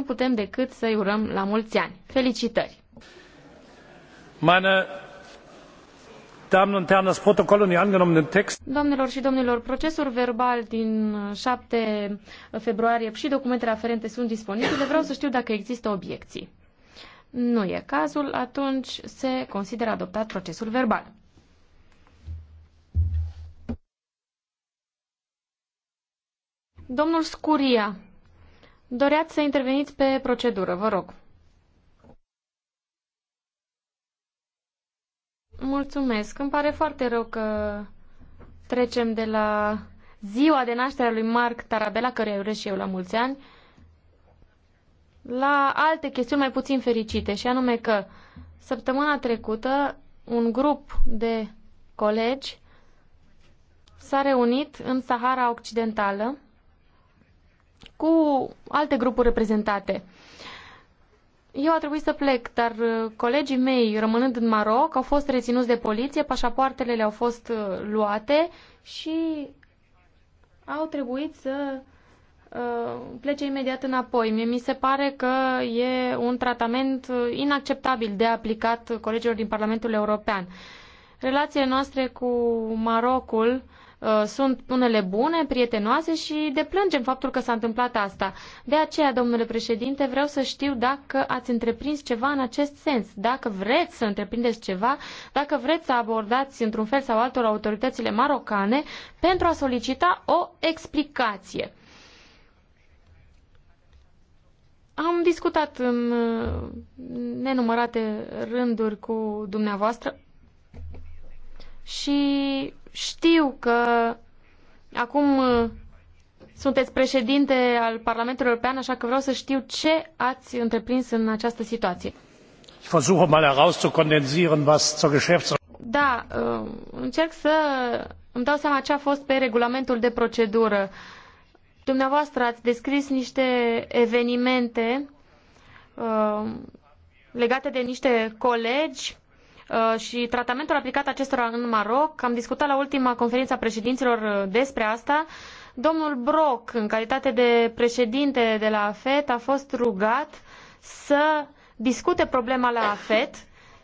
nu putem decât să-i urăm la mulți ani. Felicitări! Meine Domnilor și domnilor, procesul verbal din 7 februarie și documentele aferente sunt disponibile. Vreau să știu dacă există obiecții. Nu e cazul, atunci se consideră adoptat procesul verbal. Domnul Scuria, Doreați să interveniți pe procedură, vă rog. Mulțumesc. Îmi pare foarte rău că trecem de la ziua de naștere a lui Marc Tarabella, care urez și eu la mulți ani, la alte chestiuni mai puțin fericite, și anume că săptămâna trecută un grup de colegi s-a reunit în Sahara Occidentală cu alte grupuri reprezentate. Eu a trebuit să plec, dar uh, colegii mei, rămânând în Maroc, au fost reținuți de poliție, pașapoartele le-au fost uh, luate și au trebuit să uh, plece imediat înapoi. Mie mi se pare că e un tratament inacceptabil de aplicat colegilor din Parlamentul European. Relațiile noastre cu Marocul Uh, sunt unele bune, prietenoase și deplângem faptul că s-a întâmplat asta. De aceea, domnule președinte, vreau să știu dacă ați întreprins ceva în acest sens, dacă vreți să întreprindeți ceva, dacă vreți să abordați într-un fel sau altul autoritățile marocane pentru a solicita o explicație. Am discutat în uh, nenumărate rânduri cu dumneavoastră și știu că acum uh, sunteți președinte al Parlamentului European, așa că vreau să știu ce ați întreprins în această situație. Da, uh, încerc să îmi dau seama ce a fost pe regulamentul de procedură. Dumneavoastră ați descris niște evenimente uh, legate de niște colegi Uh, și tratamentul aplicat acestora în Maroc. Am discutat la ultima conferință a președinților uh, despre asta. Domnul Brok, în calitate de președinte de la AFET, a fost rugat să discute problema la AFET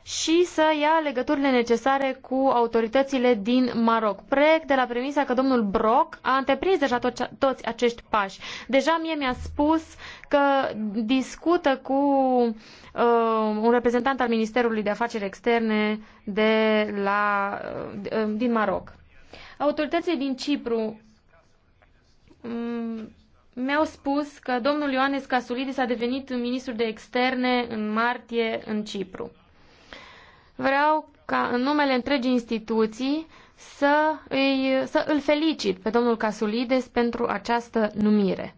și să ia legăturile necesare cu autoritățile din Maroc. Proiect de la premisa că domnul Brok a întreprins deja toți acești pași. Deja mie mi-a spus uh, că discută cu uh, un reprezentant al Ministerului de Afaceri Externe de la, uh, din Maroc. Autoritățile din Cipru um, mi-au spus că domnul Ioanes Casulidis a devenit ministru de externe în martie în Cipru. Vreau ca în numele întregii instituții să, îi, să îl felicit pe domnul Casulides pentru această numire.